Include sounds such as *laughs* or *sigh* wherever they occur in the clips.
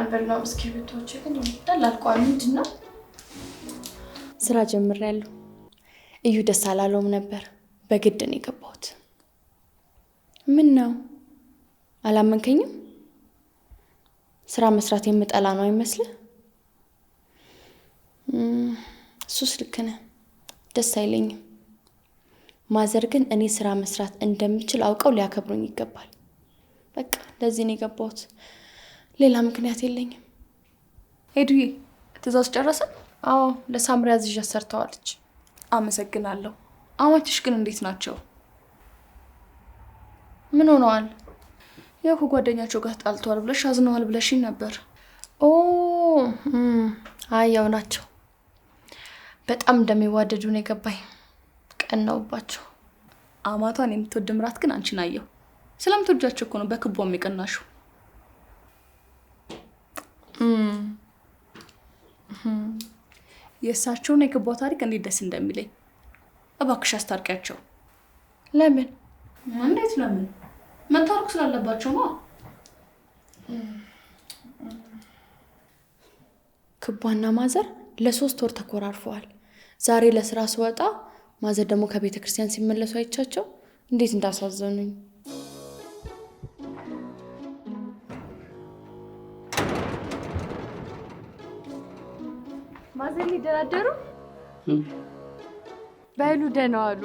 አልበላም። እስክሪብቶች ግን ይወዳል አልቋል። ምንድን ነው ስራ ጀምሬያለሁ። እዩ ደስ አላለውም ነበር። በግድ ነው የገባሁት። ምን ነው አላመንከኝም? ስራ መስራት የምጠላ ነው አይመስልህ? እሱስ ልክ ነህ። ደስ አይለኝም። ማዘር ግን እኔ ስራ መስራት እንደምችል አውቀው ሊያከብሩኝ ይገባል። በቃ ለዚህ ነው የገባሁት። ሌላ ምክንያት የለኝም። ሄዱዬ ትእዛዝ ጨረሰ? አዎ ለሳምሪያ ዝዣ ሰርተዋለች። አመሰግናለሁ። አማችሽ ግን እንዴት ናቸው? ምን ሆነዋል? ያው ከጓደኛቸው ጋር ጣልተዋል ብለሽ አዝነዋል ብለሽኝ ነበር። ኦ አይ ያው ናቸው። በጣም እንደሚዋደዱ ነው የገባኝ። ቀናውባቸው። አማቷን የምትወድ ምራት ግን አንቺን አየሁ። ስለምትወጃቸው እኮ ነው በክቧ የሚቀናሹ የእሳቸውና የክቧ ታሪክ እንዴት ደስ እንደሚለኝ። እባክሽ አስታርቂያቸው። ለምን? እንዴት ለምን? መታረቅ ስላለባቸው ነው። ክቧና ማዘር ለሶስት ወር ተኮራርፈዋል። ዛሬ ለስራ ስወጣ ማዘር ደግሞ ከቤተ ክርስቲያን ሲመለሱ አይቻቸው እንዴት እንዳሳዘኑኝ ማዘር ሊደራደሩ በሉ ደህና ዋሉ።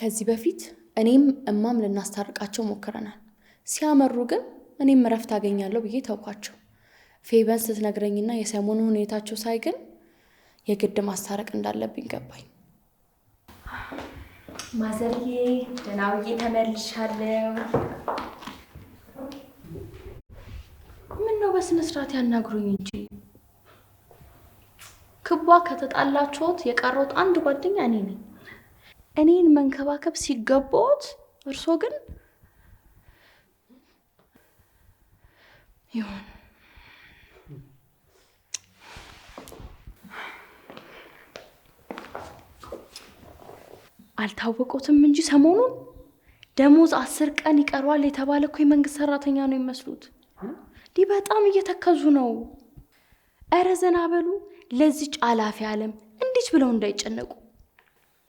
ከዚህ በፊት እኔም እማም ልናስታርቃቸው ሞክረናል። ሲያመሩ ግን እኔም እረፍት አገኛለሁ ብዬ ተውኳቸው። ፌበን ስትነግረኝና የሰሞኑ ሁኔታቸው ሳይ ግን የግድ ማስታረቅ እንዳለብኝ ገባኝ። ማዘርዬ ደህና ውዬ ተመልሻለሁ። ምነው በስነ ስርዓት ያናግሩኝ እንጂ ክቧ ከተጣላችሁት የቀረሁት አንድ ጓደኛ እኔ ነኝ። እኔን መንከባከብ ሲገባዎት እርሶ ግን ይሁን አልታወቁትም እንጂ ሰሞኑን ደሞዝ አስር ቀን ይቀረዋል የተባለ እኮ የመንግስት ሰራተኛ ነው ይመስሉት። ዲ በጣም እየተከዙ ነው። እረ ዘና በሉ። ለዚች አላፊ አለም እንዲች ብለው እንዳይጨነቁ።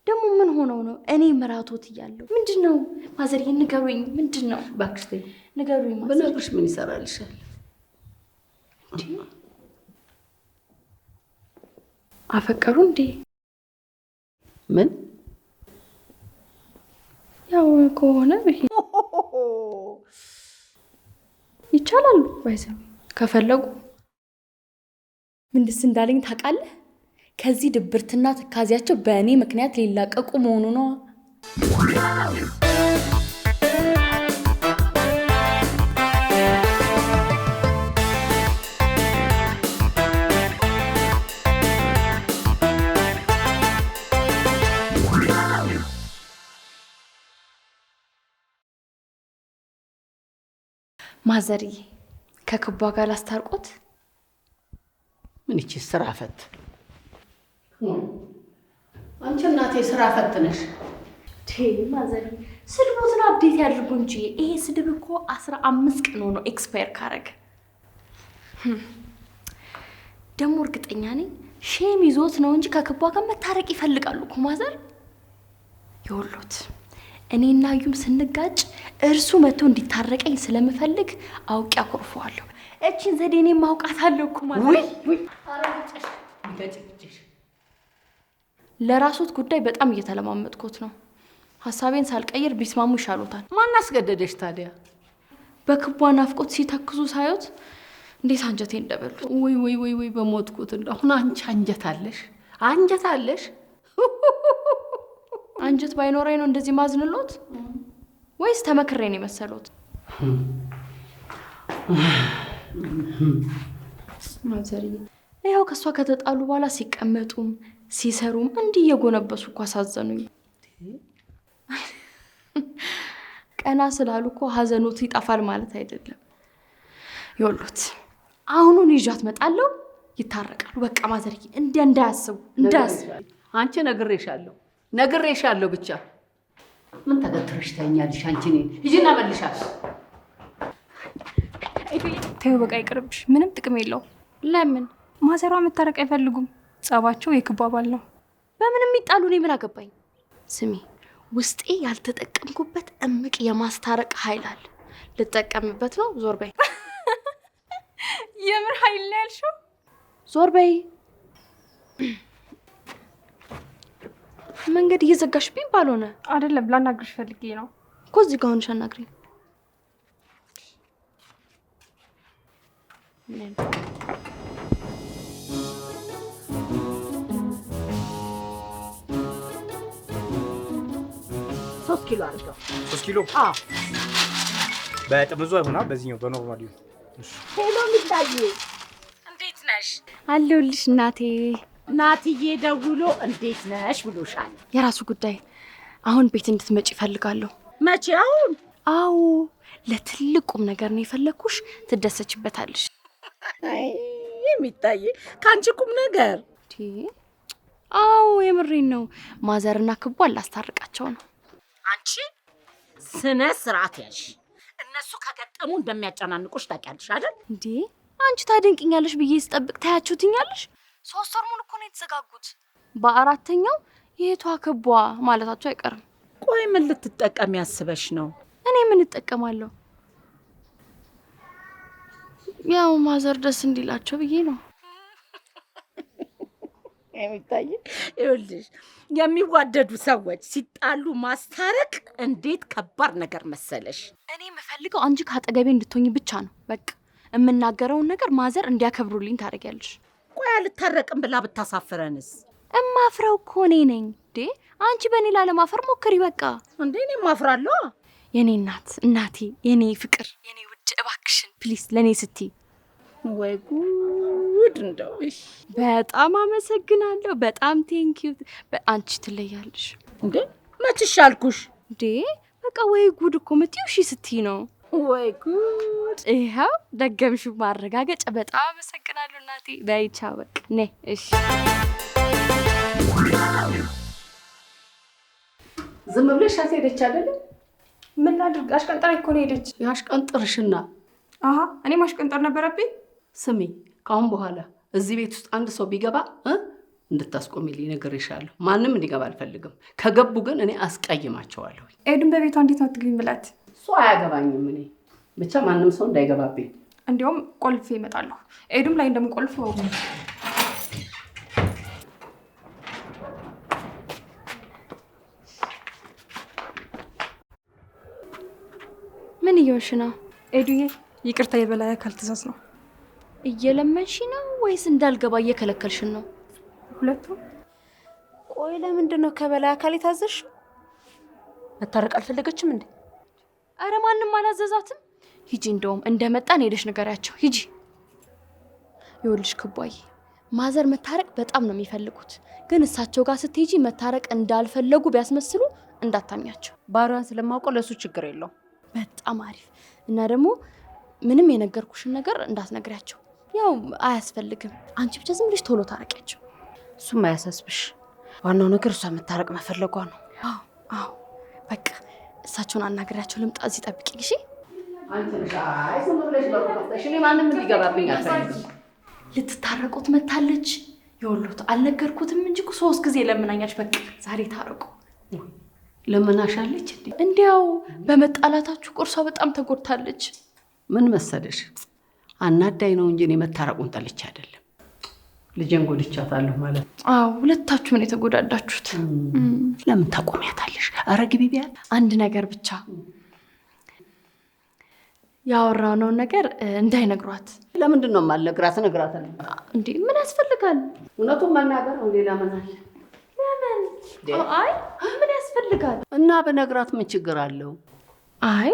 ደግሞ ምን ሆነው ነው? እኔ ምራቶት እያለሁ ምንድን ነው ማዘርዬ? ንገሩኝ፣ ምንድን ነው እባክሽ ንገሩኝ። ብነግርሽ ምን ይሰራልሻል? አፈቀሩ እንዴ? ምን ያው ከሆነ ይቻላሉ ባይዘ ከፈለጉ ምንድስ እንዳለኝ ታውቃለህ? ከዚህ ድብርትና ትካዜያቸው በእኔ ምክንያት ሊላቀቁ መሆኑ ነው። ማዘርዬ ከክቧ ጋር ላስታርቆት። ምን ይቺ ስራ ፈት አንቺ እናቴ ስራ ፈት ነሽ። ማዘርዬ ስድቦትን አብዴት ያድርጉ እንጂ ይሄ ስድብ እኮ አስራ አምስት ቀን ሆኖ ኤክስፓየር ካረግ ደግሞ እርግጠኛ ነኝ ሼም ይዞት ነው እንጂ ከክቧ ጋር መታረቅ ይፈልጋሉ እኮ ማዘር። የወሎት እኔ እና ዩም ስንጋጭ እርሱ መጥቶ እንዲታረቀኝ ስለምፈልግ አውቄ አኮርፈዋለሁ። እቺን ዘዴ እኔ ማውቃታለሁ እኮ ማለት ለራሱት ጉዳይ በጣም እየተለማመጥኩት ነው። ሀሳቤን ሳልቀይር ቢስማሙ ይሻሉታል። ማን አስገደደሽ ታዲያ? በክቧ ናፍቆት ሲተክዙ ሳዩት እንዴት አንጀቴ እንደበሉት። ወይ ወይ ወይ ወይ በሞትኩት። እንደሁን አንቺ አንጀት አለሽ፣ አንጀት አለሽ። አንጀት ባይኖረኝ ነው እንደዚህ ማዝንሎት ወይስ ተመክሬን የመሰሉት? የመሰሎት? ያው ከእሷ ከተጣሉ በኋላ ሲቀመጡም ሲሰሩም እንዲህ እየጎነበሱ እኮ አሳዘኑኝ። ቀና ስላሉ እኮ ሀዘኖት ይጠፋል ማለት አይደለም። ይወሉት አሁኑን ይዣት መጣለሁ። ይታረቃሉ። በቃ ማዘርዬ እንደ እንዳያስቡ እንዳያስቡ። አንቺ ነግሬሻለሁ፣ ነግሬሻለሁ ብቻ ምን ተገትረሽ ታይኛለሽ? አንቺ እኔን ሂጂና መልሻት። ተይው በቃ ይቅርብሽ። ምንም ጥቅም የለው። ለምን ማዘሯ መታረቅ አይፈልጉም። ጸባቸው የክባባል ነው። በምንም የሚጣሉ እኔ ምን አገባኝ? ስሚ፣ ውስጤ ያልተጠቀምኩበት እምቅ የማስታረቅ ኃይል አለ። ልጠቀምበት ነው። ዞር በይ። *laughs* ኃይል ነው ያልሽው? ዞር በይ። መንገድ እየዘጋሽብኝ ባልሆነ አይደለም። ላናግርሽ ፈልጌ ነው እኮ እዚህ ጋር ሆንሽ አናግሪኝ። ሶስት ኪሎ አድርገው። ሶስት ኪሎ በጥምዙ አይሆና፣ በዚህኛው በኖርማል ሄሎ፣ ምታዬ እንዴት ነሽ? አለሁልሽ እናቴ ናትዬ ደውሎ እንዴት ነሽ ብሎሻል። የራሱ ጉዳይ። አሁን ቤት እንድትመጪ ይፈልጋለሁ። መቼ? አሁን? አዎ፣ ለትልቅ ቁም ነገር ነው የፈለግኩሽ። ትደሰችበታለሽ። የሚታይ ከአንቺ ቁም ነገር? አዎ፣ የምሬን ነው። ማዘርና ክቡ አላስታርቃቸው ነው። አንቺ ስነ ስርዓት ያልሽ እነሱ ከገጠሙ እንደሚያጨናንቁሽ ታውቂያለሽ አይደል? እንዴ አንቺ ታደንቅኛለሽ ብዬ ስጠብቅ ታያችሁትኛለሽ ሶስት ወር ሙሉ እኮ ነው የተዘጋጉት። በአራተኛው የቷ ክቧ ማለታቸው አይቀርም። ቆይ ምን ልትጠቀም ያስበሽ ነው? እኔ ምን እጠቀማለሁ? ያው ማዘር ደስ እንዲላቸው ብዬ ነው የሚታይ ይኸውልሽ፣ የሚዋደዱ ሰዎች ሲጣሉ ማስታረቅ እንዴት ከባድ ነገር መሰለሽ። እኔ የምፈልገው አንቺ ከአጠገቤ እንድትሆኝ ብቻ ነው። በቃ የምናገረውን ነገር ማዘር እንዲያከብሩልኝ ታደርጊያለሽ። ቆይ አልታረቅም ብላ ብታሳፍረንስ? እማፍረው እኮ እኔ ነኝ እንዴ! አንቺ በእኔ ላለማፈር ሞክሪ በቃ። እንዴ እኔ ማፍራለሁ። የኔ እናት እናቴ፣ የኔ ፍቅር፣ የኔ ውድ፣ እባክሽን ፕሊስ፣ ለእኔ ስቲ። ወይ ጉድ! እንደው በጣም አመሰግናለሁ። በጣም ቴንኪዩ። አንቺ ትለያለሽ እንዴ! መችሽ አልኩሽ እንዴ! በቃ ወይ ጉድ እኮ ምትይው ሺ ስቲ ነው ወይ ጉድ! ይኸው ደገምሹ ማረጋገጫ። በጣም አመሰግናለሁ እናቴ። በይቻ ቻው፣ በቃ እሺ። ዝም ብለሽ ሄደች አይደለም? ምን ላድርግ? አሽቀንጠር እኮ ነው ሄደች። ያሽቀንጥርሽና። አሀ እኔ ማሽቀንጠር ነበረብኝ። ስሚ፣ ከአሁን በኋላ እዚህ ቤት ውስጥ አንድ ሰው ቢገባ እንድታስቆሚልኝ ነግሬሻለሁ። ማንም እንዲገባ አልፈልግም። ከገቡ ግን እኔ አስቀይማቸዋለሁ። ኤድን በቤቷ እንዴት ነው አትግቢም ብላት አያገባኝም። እኔ ብቻ ማንም ሰው እንዳይገባብኝ። እንዲሁም ቆልፌ እመጣለሁ። ኤዱም ላይ እንደምቆልፍ ምን እየሆንሽ ነው ኤዱዬ? ይቅርታ የበላይ አካል ትእዛዝ ነው። እየለመንሽ ነው ወይስ እንዳልገባ እየከለከልሽን ነው? ሁለቱም። ቆይ ለምንድን ነው ከበላይ አካል የታዘሽ? መታረቅ አልፈለገችም እንዴ? አረ ማንም አላዘዛትም። ሂጂ፣ እንደውም እንደመጣን ሄደሽ ንገሪያቸው። ሂጂ። ይኸውልሽ ክቧይ ማዘር መታረቅ በጣም ነው የሚፈልጉት፣ ግን እሳቸው ጋር ስትሄጂ መታረቅ እንዳልፈለጉ ቢያስመስሉ እንዳታምኛቸው። ባሯን ስለማውቀው ለእሱ ችግር የለው። በጣም አሪፍ። እና ደግሞ ምንም የነገርኩሽን ነገር እንዳትነግሪያቸው፣ ያው አያስፈልግም። አንቺ ብቻ ዝም ብለሽ ቶሎ ታረቂያቸው። እሱም አያሳስብሽ፣ ዋናው ነገር እሷ መታረቅ መፈለጓ ነው። አዎ፣ በቃ እሳቸውን አናግሪያቸው ልምጣ። እዚህ ጠብቂኝ። እሺ ልትታረቁት መታለች። የወሎት አልነገርኩትም እንጂ ሶስት ጊዜ ለምናኛች። በቃ ዛሬ ታረቁ። ለምናሻለች። እንዲያው በመጣላታችሁ ቁርሷ በጣም ተጎድታለች። ምን መሰለሽ አናዳይ ነው እንጂ እኔ መታረቁን ጠልቼ አይደለም ልጄን ጎድቻታለሁ ማለት ነው። አዎ ሁለታችሁ ምን የተጎዳዳችሁት? ለምን ታቆሚያታለሽ? አረ ግቢ ቢያል አንድ ነገር ብቻ ያወራነውን ነገር እንዳይነግሯት። ለምንድን ነው የማልነግራት? እነግራታለሁ። እንዴ ምን ያስፈልጋል? እውነቱን መናገር ነው። ሌላ ምን አለ? አይ ምን ያስፈልጋል? እና በነግራት ምን ችግር አለው? አይ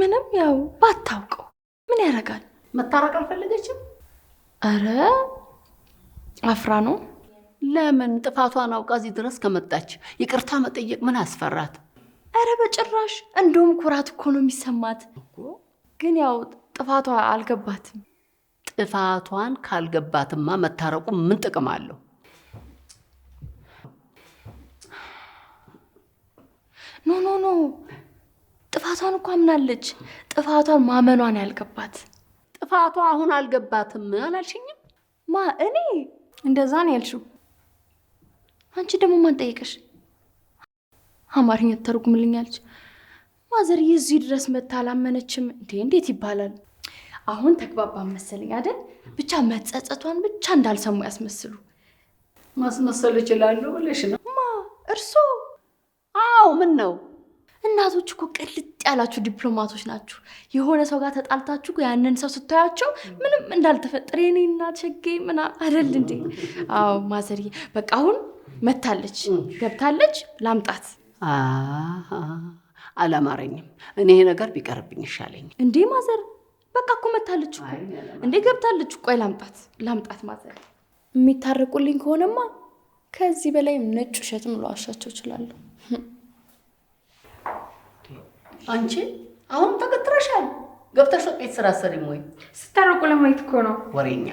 ምንም ያው ባታውቀው ምን ያደርጋል? መታረቅ አልፈለገችም። አረ አፍራ ነው። ለምን ጥፋቷን አውቃ እዚህ ድረስ ከመጣች ይቅርታ መጠየቅ ምን አስፈራት? አረ በጭራሽ። እንደውም ኩራት እኮ ነው የሚሰማት። ግን ያው ጥፋቷ አልገባትም። ጥፋቷን ካልገባትማ መታረቁ ምን ጥቅም አለው? ኖ ኖ ኖ ጥፋቷን እኮ አምናለች። ጥፋቷን ማመኗን ያልገባት ጥፋቷ አሁን አልገባትም አላልሽኝም? ማ እኔ እንደዛ ነው ያልሽው። አንቺ ደግሞ ማን ጠየቀሽ? አማርኛ ተርጉምልኛለች። ማዘር የዚህ ድረስ መታ አላመነችም እንዴ? እንዴት ይባላል? አሁን ተግባባ መሰለኝ አይደል? ብቻ መጸጸቷን ብቻ እንዳልሰሙ ያስመስሉ። ማስመሰል ይችላሉ ብለሽ ነው ማ? እርሶ? አዎ ምን ነው እናቶች እኮ ቅልጥ ያላችሁ ዲፕሎማቶች ናችሁ። የሆነ ሰው ጋር ተጣልታችሁ ያንን ሰው ስታያቸው ምንም እንዳልተፈጠረ የኔ እናት ሸጌ ምና አደል እንዴ? አዎ ማዘርዬ፣ በቃ አሁን መታለች ገብታለች፣ ላምጣት። አላማረኝም። እኔ ይሄ ነገር ቢቀርብኝ ይሻለኝ። እንዴ ማዘር፣ በቃ እኮ መታለች እንዴ ገብታለች። ቆይ ላምጣት፣ ላምጣት ማዘር። የሚታረቁልኝ ከሆነማ ከዚህ በላይ ነጭ ውሸትም ለዋሻቸው እችላለሁ። አንቺ አሁን ተቀጥረሻል። ገብተሽ ወጥ ቤት ስራ ሰሪም ወይ ስታረቁ ለማየት እኮ ነው። ወሬኛ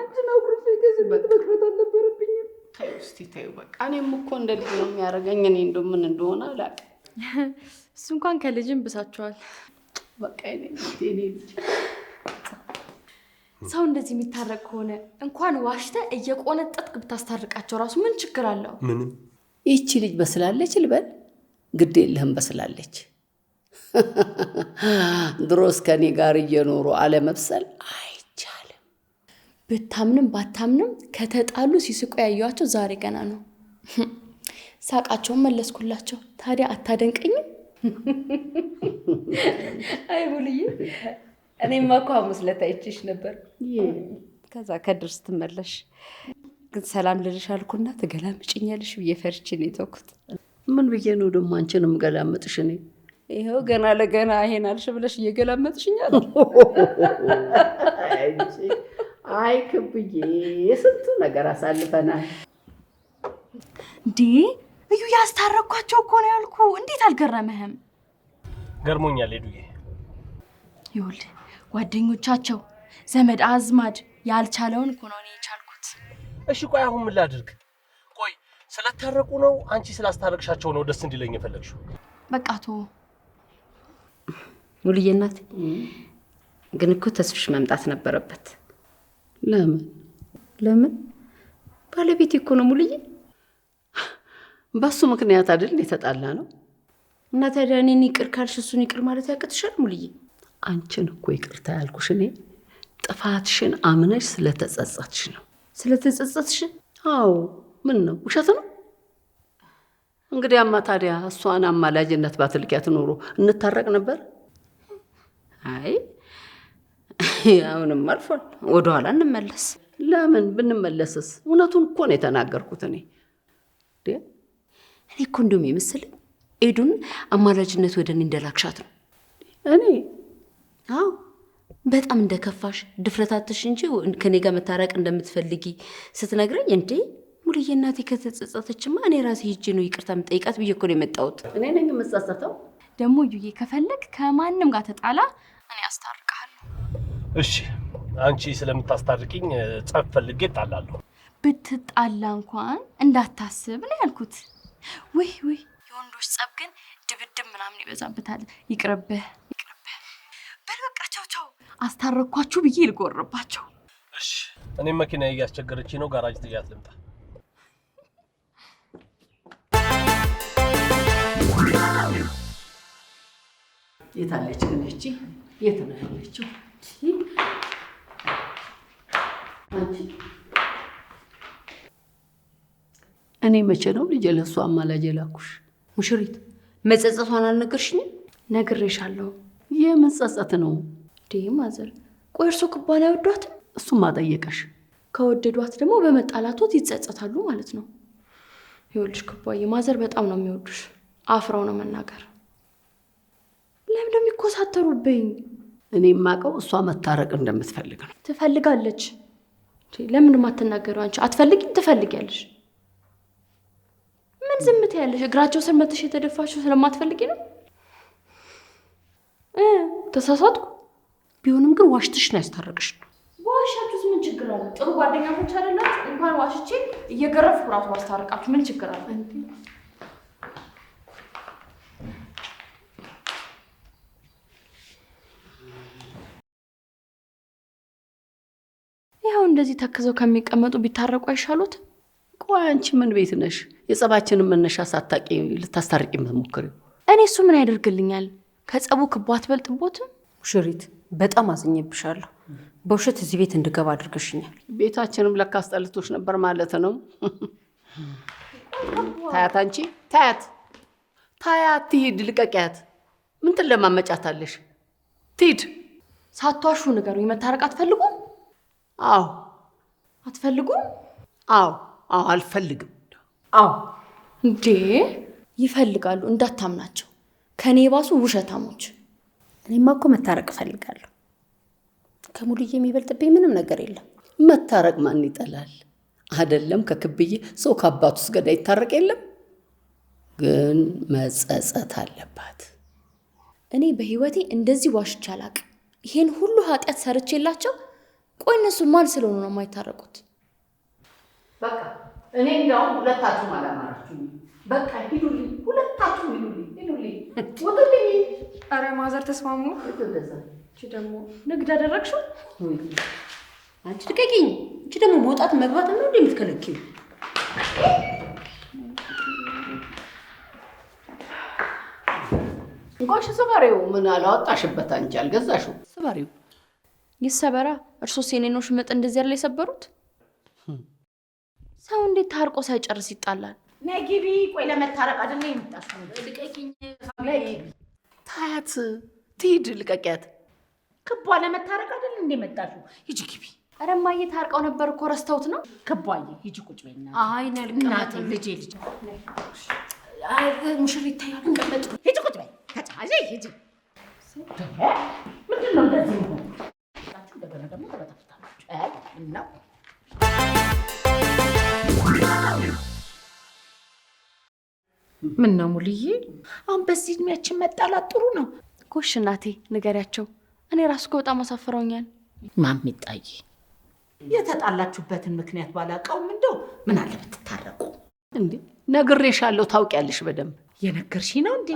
አንድ ነው። ጉርፍ የገዝበት መቅረት አልነበረብኝም። ታዩ እስቲ ታዩ። በቃ እኔም እኮ እንደ ልጅ ነው የሚያደርገኝ። እኔ እንደው ምን እንደሆነ አላውቅም። እሱ እንኳን ከልጅም ብሳችኋል። በቃ እኔ ልጅ ሰው እንደዚህ የሚታረቅ ከሆነ እንኳን ዋሽተ እየቆነጠጥክ ብታስታርቃቸው ራሱ ምን ችግር አለው? ምንም ይቺ ልጅ በስላለች ልበል፣ ግድ የለህም በስላለች። *laughs* ድሮስ ከኔ ጋር እየኖሩ አለመብሰል አይ ብታምንም ባታምንም ከተጣሉ ሲስቁ ያየኋቸው ዛሬ ገና ነው። ሳቃቸውን መለስኩላቸው። ታዲያ አታደንቀኝም? አይ ቡልዬ፣ እኔማ እኮ ሐሙስ ዕለት አይቼሽ ነበር። ከዛ ከድር ስትመለሽ ግን ሰላም ልልሽ አልኩና ትገላምጭኛለሽ ብዬ ፈርቼ ነው የተውኩት። ምን ብዬ ነው ደግሞ አንቺንም ገላመጥሽ? እኔ ይኸው ገና ለገና ይሄን አልሽ ብለሽ እየገላመጥሽኛል። አይ ክብዬ፣ የስንቱ ነገር አሳልፈናል። እንዴ እዩ ያስታረኳቸው እኮ ነው ያልኩ። እንዴት አልገረመህም? ገርሞኛል ሄዱዬ። ይኸውልህ ጓደኞቻቸው ዘመድ አዝማድ ያልቻለውን እኮ ነው እኔ የቻልኩት። እሺ ቆይ አሁን ምን ላድርግ? ቆይ ስለታረቁ ነው አንቺ ስላስታረቅሻቸው ነው ደስ እንዲለኝ የፈለግሽው? በቃ ቶ ሙሉዬ እናት ግን እኮ ተስፍሽ መምጣት ነበረበት ለምን ለምን? ባለቤት እኮ ነው ሙሉዬ። በሱ ምክንያት አይደል የተጣላ ነው። እና ታዲያ እኔን ይቅር ካልሽ እሱን ይቅር ማለት ያቅትሻል ሙሉዬ? አንቺን እኮ ይቅርታ ያልኩሽ እኔ ጥፋትሽን አምነሽ ስለተጸጸትሽ ነው። ስለተጸጸትሽ? አዎ። ምን ነው ውሸት ነው? እንግዲያማ ታዲያ እሷን አማላጅነት ባትልኪያት ኖሮ እንታረቅ ነበር። አይ *laughs* አሁንም አልፏል። ወደኋላ እንመለስ። ለምን ብንመለስስ? እውነቱን እኮ ነው የተናገርኩት እኔ እኔ እኮ እንዲሁም የመሰለኝ ኤዱን አማላጅነት ወደ እኔ እንደላክሻት ነው። እኔ አዎ በጣም እንደከፋሽ ድፍረታትሽ እንጂ ከኔ ጋር መታረቅ እንደምትፈልጊ ስትነግረኝ፣ እንዴ ሙሉዬ እናቴ ከተጸጸተችማ እኔ ራሴ ሂጄ ነው ይቅርታ የምጠይቃት ብዬ እኮ ነው የመጣሁት። እኔ ነኝ የምጸጸተው ደግሞ። ዩዬ ከፈለግ ከማንም ጋር ተጣላ እኔ አስታር እሺ አንቺ ስለምታስታርቂኝ ጸብ ፈልጌ እጣላለሁ። ብትጣላ እንኳን እንዳታስብ ነው ያልኩት። ውይ ውይ፣ የወንዶች ጸብ ግን ድብድብ ምናምን ይበዛበታል። ይቅርብህ፣ ይቅርብህ። በል በቃ ቻው ቻው። አስታረኳችሁ ብዬ ልጎርባቸው። እሺ፣ እኔም መኪና እያስቸገረች ነው፣ ጋራጅ ትያት ልምጣ። የታለች ግን እቺ? የት ነው ያለችው? እኔ መቼ ነው ልጄ ለእሷ አማላጅ የላኩሽ? ሙሽሪት መጸጸቷን አልነገርሽኝም? ነግሬሻለሁ። የመጸጸት ነው ዴ ማዘር። ቆይ እርሶ ክቧን አይወዷትም? እሱም አጠየቀሽ። ከወደዷት ደግሞ በመጣላቶት ይጸጸታሉ ማለት ነው። ይኸውልሽ ክቧዬ፣ ማዘር በጣም ነው የሚወዱሽ። አፍረው ነው መናገር። ለምን እንደሚኮሳተሩብኝ እኔ የማውቀው እሷ መታረቅ እንደምትፈልግ ነው። ትፈልጋለች። ለምን ማትናገሩ? አንቺ? አትፈልጊም? ትፈልጊያለሽ። ምን ዝምት ያለሽ? እግራቸው ስር መትሽ የተደፋሽው ስለማትፈልጊ ነው? ተሳሳትኩ። ቢሆንም ግን ዋሽትሽ ነው ያስታረቅሽ። ዋሻችሁስ ምን ችግር አለ? ጥሩ ጓደኛሞች አይደላት? እንኳን ዋሽቼ እየገረፍኩ ራሱ ማስታረቃችሁ ምን ችግር አለ? እንደዚህ ተክዘው ከሚቀመጡ ቢታረቁ አይሻሉት? ቆይ አንቺ ምን ቤት ነሽ? የጸባችንን መነሻ ሳታቂ ልታስታርቂ የምትሞክሪው? እኔ እሱ ምን ያደርግልኛል? ከጸቡ ክቦ አትበልጥቦትም? ሙሽሪት፣ በጣም አዝኜብሻለሁ። በውሸት እዚህ ቤት እንድገባ አድርገሽኛል። ቤታችንም ለካ አስጠልቶሽ ነበር ማለት ነው። ታያት፣ አንቺ ታያት፣ ታያት፣ ትሂድ። ልቀቂያት። ምንትን ለማመጫታለሽ ትሂድ። ሳቷሹ ነገሩ የመታረቅ አትፈልጉም? አዎ። አትፈልጉም? አዎ። አዎ፣ አልፈልግም። አዎ። እንዴ ይፈልጋሉ፣ እንዳታምናቸው። ከኔ የባሱ ውሸታሞች። እኔማ እኮ መታረቅ እፈልጋለሁ። ከሙሉዬ የሚበልጥብኝ ምንም ነገር የለም። መታረቅ ማን ይጠላል? አይደለም ከክብዬ ሰው ከአባቱ ውስጥ ገዳ ይታረቅ የለም። ግን መጸጸት አለባት። እኔ በህይወቴ እንደዚህ ዋሽቼ አላቅም። ይሄን ሁሉ ኃጢአት ሰርቼላቸው ቆይ እነሱ ማን ስለሆኑ ነው የማይታረቁት? በቃ እኔ እንዲያውም ሁለታችሁ አላማራችሁ። በቃ ሂዱልኝ፣ ሁለታችሁ ሂዱልኝ፣ ሂዱልኝ፣ ውጡልኝ። አረ ማዘር ተስማሙ። እቺ ደግሞ ንግድ አደረግሽው። አንቺ ልቀቂኝ። እቺ ደግሞ መውጣት መግባት ነው እንዴ የምትከለኪው? እንኳን ስባሪው ምን አላወጣሽበት አንቺ አልገዛሽው ስባሪው ይሰበራ። እርሶስ የኔን ሽመጥ እንደዚህ ያለ የሰበሩት? ሰው እንዴት ታርቆ ሳይጨርስ ይጣላል? ነጊቢ ቆይ፣ ለመታረቅ አይደለ የምጣሽው? ታያት ትሂድ፣ ልቀቂያት። ክቧ ለመታረቅ አይደለ እንዴ መጣሽው? ሂጂ ግቢ። ኧረ እማዬ ታርቀው ነበር እኮ ረስተውት ነው። ክቧዬ ሂጂ ቁጭ በይና። አይ ነልቀናት ልጄ ልጅ ሙሽር ይታያል። ሂጂ ቁጭ በይ። ተጫ ሂጂ። ምንድን ነው እንደዚህ ያህል ነው። ምን ነው ሙልዬ፣ አሁን በዚህ እድሜያችን መጣላት ጥሩ ነው? ጎሽ እናቴ ንገሪያቸው። እኔ ራሱ እኮ በጣም አሳፍረውኛል። ማሚጣዬ፣ የተጣላችሁበትን ምክንያት ባላውቀውም እንደው ምን አለ ብትታረቁ። እንዴ ነግሬሻለሁ፣ ታውቂያለሽ በደንብ የነገርሽ ነው እንዴ?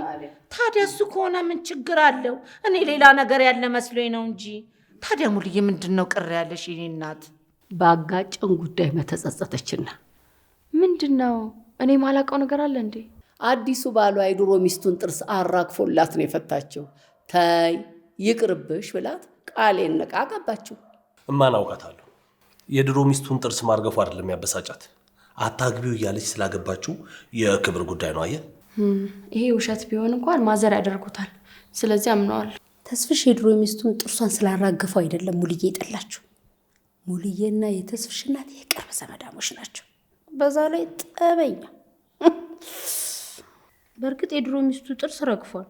ታዲያ እሱ ከሆነ ምን ችግር አለው? እኔ ሌላ ነገር ያለ መስሎኝ ነው እንጂ። ታዲያ ሙልዬ፣ ምንድን ነው ቅር ያለሽ? የእኔ እናት በአጋጨን ጉዳይ መተጸጸተችና ምንድን ነው እኔ ማላውቀው ነገር አለ እንዴ? አዲሱ ባሏ የድሮ ሚስቱን ጥርስ አራግፎላት ነው የፈታቸው ተይ ይቅርብሽ ብላት ቃሌን ነቃ አገባችው። እማን አውቃታለሁ። የድሮ ሚስቱን ጥርስ ማርገፉ አይደለም ያበሳጫት፣ አታግቢው እያለች ስላገባችው የክብር ጉዳይ ነው። አየ ይሄ ውሸት ቢሆን እንኳን ማዘር ያደርጉታል። ስለዚህ አምነዋል። ተስፍሽ የድሮ ሚስቱን ጥርሷን ስላራገፈው አይደለም ሙልዬ ይጠላችሁ ሙልዬና የተስፍሽ እናት የቅርብ ዘመዳሞች ናቸው። በዛ ላይ ጠበኛ። በእርግጥ የድሮ ሚስቱ ጥርስ ረግፏል።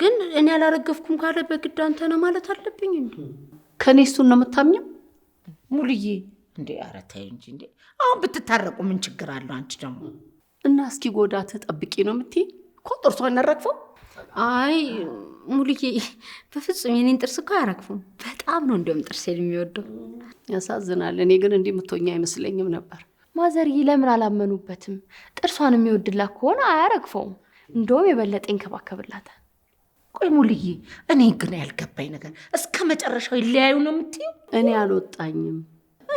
ግን እኔ አላረገፍኩም ካለ በግድ አንተ ነው ማለት አለብኝ እንዴ? ከእኔ እሱን ነው የምታምኘው? ሙልዬ እንዴ ኧረ ተይ እንጂ እንዴ! አሁን ብትታረቁ ምን ችግር አለው? አንቺ ደግሞ እና እስኪ ጎዳ ተጠብቂ ነው የምትይ? ኮ ጥርሷን ረግፈው አይ ሙሉዬ፣ በፍጹም የኔን ጥርስ እኮ አያረግፉም። በጣም ነው እንዲሁም ጥርስ የሚወደው። ያሳዝናል። እኔ ግን እንዲህ ምቶኛ አይመስለኝም ነበር። ማዘርዬ ለምን አላመኑበትም? ጥርሷን የሚወድላት ከሆነ አያረግፈውም። እንደውም የበለጠ ይንከባከብላታል። ቆይ ሙሉዬ፣ እኔ ግን ያልገባኝ ነገር እስከ መጨረሻው ይለያዩ ነው የምትይው? እኔ አልወጣኝም።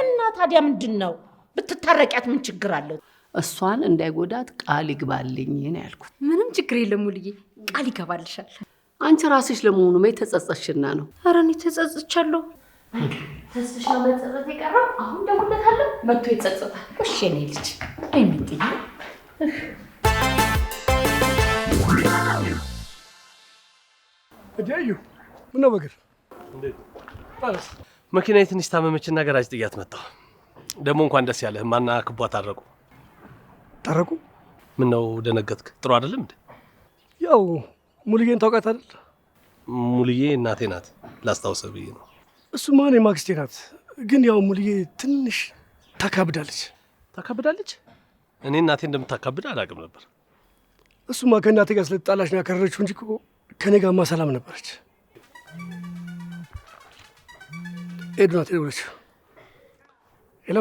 እና ታዲያ ምንድን ነው ብትታረቂያት ምን ችግር አለው? እሷን እንዳይጎዳት ቃል ይግባልኝ ነው ያልኩት። ምንም ችግር የለም ሙልዬ፣ ቃል ይገባልሻል። አንቺ ራስሽ ለመሆኑ መች ተጸጸሽና ነው? ኧረ እኔ ተጸጽቻለሁ። ተስፍሻ መጸጸት የቀረው አሁን ደውለታለሁ፣ መጥቶ ይጸጸታል። እሺ ልጅ በግር መኪና ትንሽ ታመመችና ገራጅ ጥያት መጣሁ። ደግሞ እንኳን ደስ ያለህ ማና ክቧ ታረቁ ታረቁ። ምን ነው ደነገጥክ? ጥሩ አይደለም እንዴ? ያው ሙልዬን ታውቃት አይደል? ሙልዬ እናቴ ናት። ላስታውሰ ብዬ ነው። እሱማ እኔ ማክስቴ ናት። ግን ያው ሙልዬ ትንሽ ታካብዳለች። ታካብዳለች? እኔ እናቴ እንደምታካብድ አላውቅም ነበር። እሱማ ከእናቴ ጋር ስለተጣላች ነው ያከረረችው እንጂ ከኔ ጋርማ ሰላም ነበረች። ኤዱ ናት የደወለችው። ሄሎ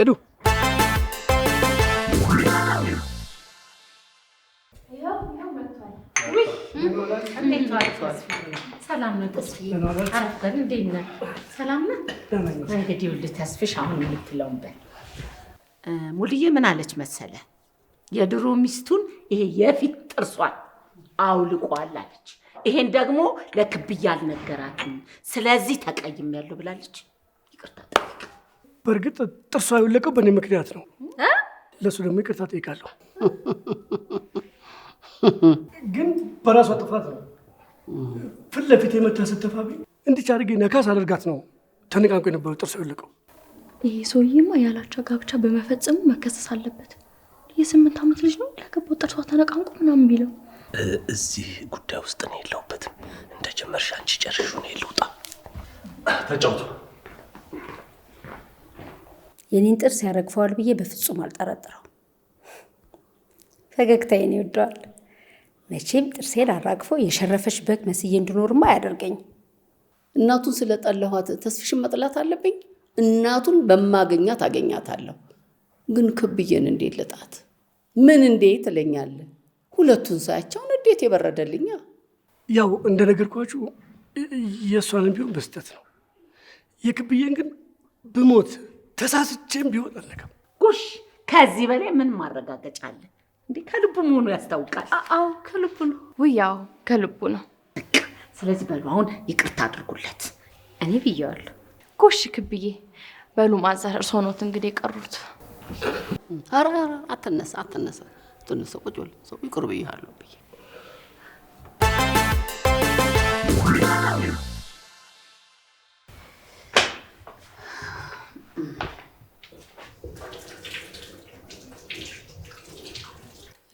ኤዱ ሰላም ነው ተስፋዬ፣ አረፍከን? እንዴት ነህ? ሰላም ነው እንግዲህ ይኸውልህ ተስፍሽ አሁን የምትለውን በል። ሙልዬ ምን አለች መሰለ የድሮ ሚስቱን ይሄ የፊት ጥርሷን አውልቋል አለች። ይሄን ደግሞ ለክብያ አልነገራትም፣ ስለዚህ ተቀይሜያለሁ ብላለች። ይቅርታ ጠይቅ። በእርግጥ ጥርሷ የወለቀው በእኔ ምክንያት ነው። ለእሱ ደግሞ ይቅርታ ጠይቃለሁ። ግን በራሷ ጥፋት ነው። ፊት ለፊት የመታ ስተፋብኝ እንዲች አድርጌ ነካስ አደርጋት ነው ተነቃንቆ የነበረው ጥርስ የወለቀው። ይህ ሰውዬማ ያላቻ ጋብቻ በመፈጸሙ መከሰስ አለበት። የስምንት ዓመት ልጅ ነው ያገባው። ጥርሷ ተነቃንቆ ምናምን የሚለው እዚህ ጉዳይ ውስጥ እኔ የለሁበትም። እንደጀመርሽ አንቺ ጨርሹ ነው የለውጣ ተጫውቱ። የኔን ጥርስ ያረግፈዋል ብዬ በፍጹም አልጠረጥረው። ፈገግታዬን ይወደዋል። መቼም ጥርሴን አራግፎ የሸረፈች በግ መስዬ እንድኖርማ አያደርገኝ። እናቱን ስለጠለኋት ተስፍሽን መጥላት አለብኝ? እናቱን በማገኛት አገኛታለሁ። ግን ክብዬን እንዴት ልጣት? ምን እንዴት ትለኛለ? ሁለቱን ሳያቸውን እንዴት የበረደልኛ። ያው እንደ ነገርኳችሁ የእሷንም ቢሆን በስተት ነው። የክብዬን ግን ብሞት ተሳስቼም ቢሆን አለቀም። ጉሽ ከዚህ በላይ ምን ማረጋገጫ አለ? እንዴ ከልቡ መሆኑ ያስታውቃል። አዎ ከልቡ ነው። ውያው ከልቡ ነው። ስለዚህ በሉ አሁን ይቅርታ አድርጉለት። እኔ ብያዋለሁ። ጎሽ ክብዬ በሉ ማዘር እርሶ ኖት እንግዲህ የቀሩት። ኧረ አትነሳ አትነሳ አትነሳ፣ ቁጭ በል ሰው ይቅር ብያለሁ ብዬ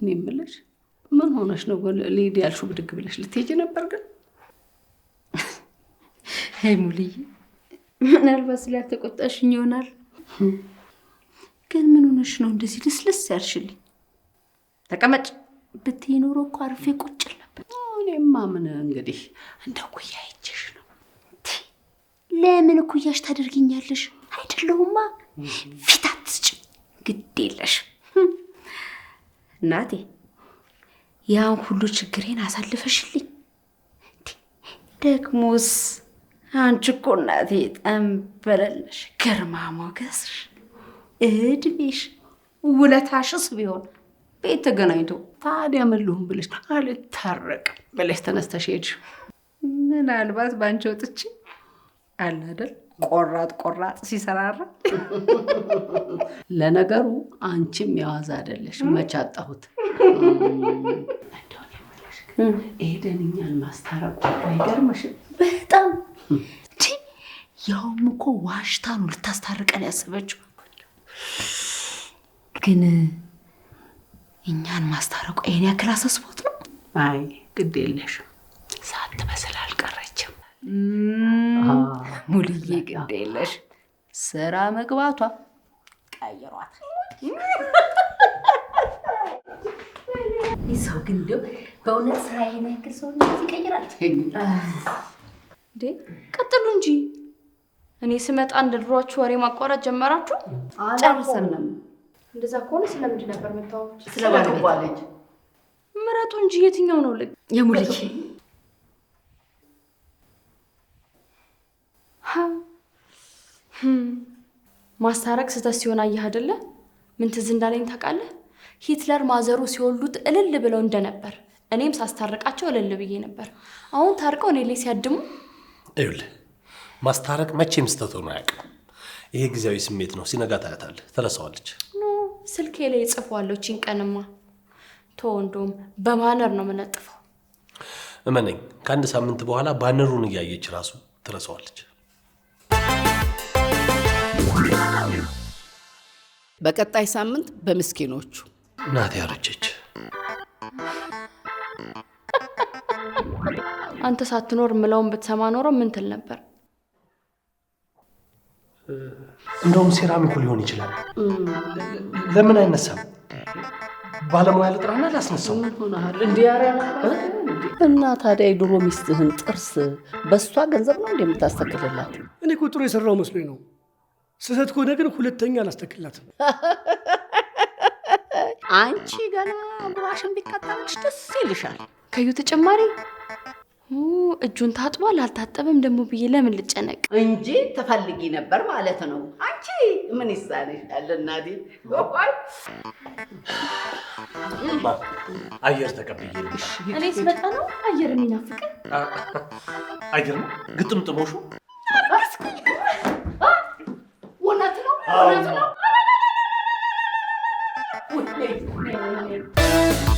እኔ የምልሽ ምን ሆነሽ ነው ልሂድ ያልሽው? ብድግ ብለሽ ልትሄጂ ነበር ግን አይ ሙልዬ፣ ምናልባት ስላልተቆጣሽኝ ይሆናል። ግን ምን ሆነሽ ነው እንደዚህ ልስልስ ያልሽልኝ? ተቀመጭ ብትይ ኖሮ እኮ አርፌ ቁጭል ነበር። እኔማ ምን እንግዲህ እንደ ኩያ ይችሽ ነው። ለምን ኩያሽ ታደርግኛለሽ? አይደለሁማ ፊት አትስጭ ግድ የለሽ እናቴ ያን ሁሉ ችግሬን አሳልፈሽልኝ። ደግሞስ አንቺ እኮ እናቴ ጠንበለልሽ፣ ግርማ ሞገስሽ፣ እድሜሽ፣ ውለታሽስ ቢሆን ቤት ተገናኝቶ ታዲያ መልሁም ብለሽ አልታረቅም ብለሽ ተነስተሽ ሄድሽ። ምናልባት በአንቺ ወጥቼ አለ አይደል ቆራጥ ቆራጥ ሲሰራራ ለነገሩ አንቺም የዋዛ አይደለሽ። መች አጣሁት። ኤደን እኛን ማስታረቁ አይገርምሽም? በጣም እ ያውም እኮ ዋሽታ ነው ልታስታርቀን ያሰበችው። ግን እኛን ማስታረቁ ይሄን ያክል አሳስቦት ነው። አይ ግድ የለሽም ሳትበስል ሙልዬ ግድ የለሽ ስራ መግባቷ ቀይሯት። ሰው ግን እንደው በእውነት ስራ የሚያክል ሰው ይቀይራል እንዴ? ቀጥሉ እንጂ እኔ ስመጣ እንደ ድሯችሁ ወሬ ማቋረጥ ጀመራችሁ። ጨርሰን እንደዛ ከሆነ ስለምንድን ነበር መታወቅ? ስለባለች ምረጡ እንጂ የትኛው ነው ልግ የሙልዬ Hm። ማስታረቅ ስህተት ሲሆን አየህ አይደለ? ምን ትዝ እንዳለኝ ታውቃለህ? ሂትለር ማዘሩ ሲወልዱት እልል ብለው እንደነበር እኔም ሳስታርቃቸው እልል ብዬ ነበር። አሁን ታርቀው እኔ ላይ ሲያድሙ ይኸውልህ፣ ማስታረቅ መቼም ስህተት ሆኖ አያውቅም። ይሄ ጊዜያዊ ስሜት ነው። ሲነጋ ታያታለህ፣ ትረሳዋለች። ስልኬ ላይ ጽፏለሁ። ቺን ቀንማ ቶ እንደውም በባነር ነው የምለጥፈው። እመነኝ፣ ከአንድ ሳምንት በኋላ ባነሩን እያየች ራሱ ትረሳዋለች። በቀጣይ ሳምንት በምስኪኖቹ እናቴ ያረጀች። አንተ ሳትኖር ምለውን ብትሰማ ኖሮ ምን ትል ነበር? እንደውም ሴራሚኩ ሊሆን ይችላል። ለምን አይነሳም? ባለሙያ ልጥራና ላስነሳው። እና ታዲያ የድሮ ሚስትህን ጥርስ በእሷ ገንዘብ ነው እንደምታስተክልላት? እኔ ቁጥሩ የሰራው መስሎኝ ነው። ስህተት ከሆነ ግን ሁለተኛ አላስተክላትም። አንቺ ገና ጉራሽን ቢቀጣልሽ ደስ ይልሻል። ከዩ ተጨማሪ እጁን ታጥቧል አልታጠበም ደግሞ ብዬ ለምን ልጨነቅ እንጂ ትፈልጊ ነበር ማለት ነው። አንቺ ምን ይሳንሻል? እናቴ አየር ተቀብዬ እኔ ስመጣ ነው አየር የሚናፍቅ አየር ነው ግጥም ግጥምጥሞሹ እውነት ነው እውነት ነው።